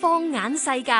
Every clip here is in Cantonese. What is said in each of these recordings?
放眼世界，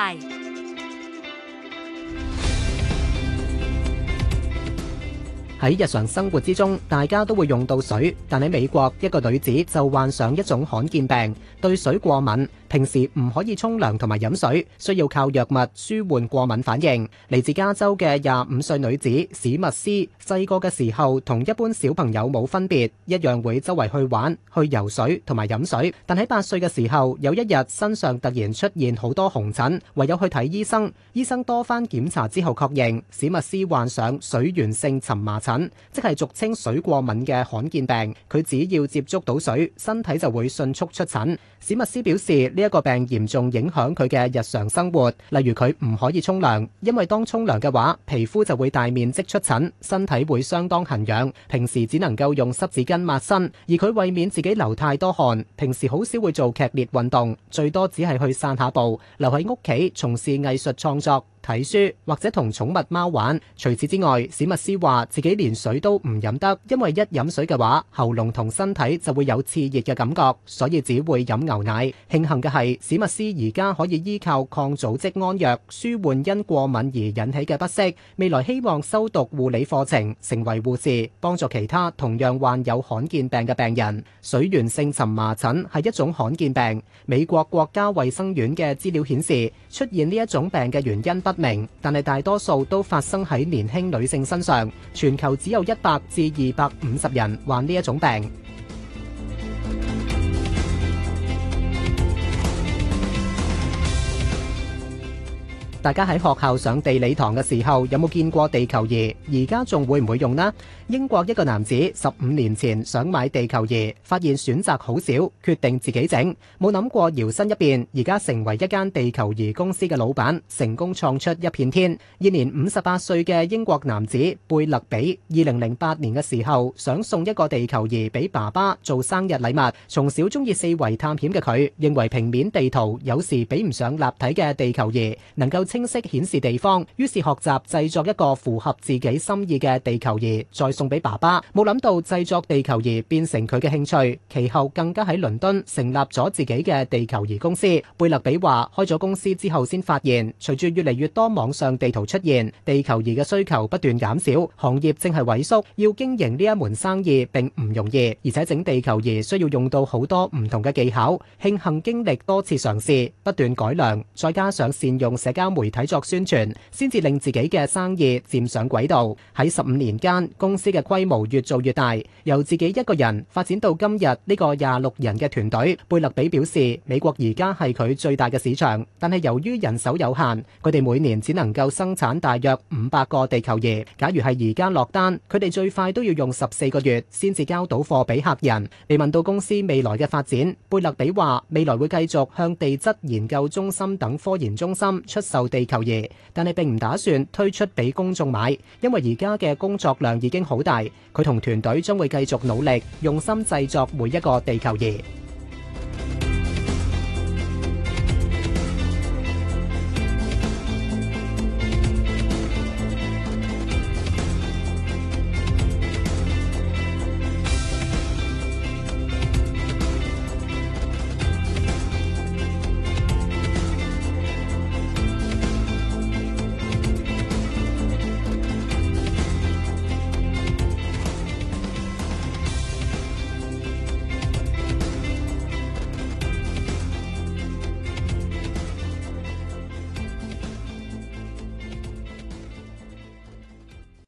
喺日常生活之中，大家都會用到水，但喺美國，一個女子就患上一種罕見病，對水過敏。平時唔可以沖涼同埋飲水，需要靠藥物舒緩過敏反應。嚟自加州嘅廿五歲女子史密斯，細個嘅時候同一般小朋友冇分別，一樣會周圍去玩、去游水同埋飲水。但喺八歲嘅時候，有一日身上突然出現好多紅疹，唯有去睇醫生。醫生多番檢查之後確認，史密斯患上水源性蕁麻疹，即係俗稱水過敏嘅罕見病。佢只要接觸到水，身體就會迅速出疹。史密斯表示。一個病嚴重影響佢嘅日常生活，例如佢唔可以沖涼，因為當沖涼嘅話，皮膚就會大面積出疹，身體會相當痕癢。平時只能夠用濕紙巾抹身，而佢為免自己流太多汗，平時好少會做劇烈運動，最多只係去散下步，留喺屋企從事藝術創作，睇書或者同寵物貓玩。除此之外，史密斯話自己連水都唔飲得，因為一飲水嘅話，喉嚨同身體就會有刺熱嘅感覺，所以只會飲牛奶。慶幸嘅係史密斯而家可以依靠抗組織胺藥舒緩因過敏而引起嘅不適。未來希望修讀護理課程，成為護士，幫助其他同樣患有罕見病嘅病人。水源性蕁麻疹係一種罕見病。美國國家衛生院嘅資料顯示，出現呢一種病嘅原因不不明，但係大多數都發生喺年輕女性身上。全球只有一百至二百五十人患呢一種病。大家喺學校上地理堂嘅時候有冇見過地球儀？而家仲會唔會用呢？英國一個男子十五年前想買地球儀，發現選擇好少，決定自己整。冇諗過搖身一變，而家成為一間地球儀公司嘅老闆，成功創出一片天。現年五十八歲嘅英國男子貝勒比，二零零八年嘅時候想送一個地球儀俾爸爸做生日禮物。從小中意四圍探險嘅佢，認為平面地圖有時比唔上立體嘅地球儀，能夠。清晰媒體作宣傳，先至令自己嘅生意漸上軌道。喺十五年間，公司嘅規模越做越大，由自己一個人發展到今日呢個廿六人嘅團隊。貝勒比表示，美國而家係佢最大嘅市場，但係由於人手有限，佢哋每年只能夠生產大約五百個地球儀。假如係而家落單，佢哋最快都要用十四個月先至交到貨俾客人。被問到公司未來嘅發展，貝勒比話：未來會繼續向地質研究中心等科研中心出售。地球儀，但係並唔打算推出俾公眾買，因為而家嘅工作量已經好大。佢同團隊將會繼續努力，用心製作每一個地球儀。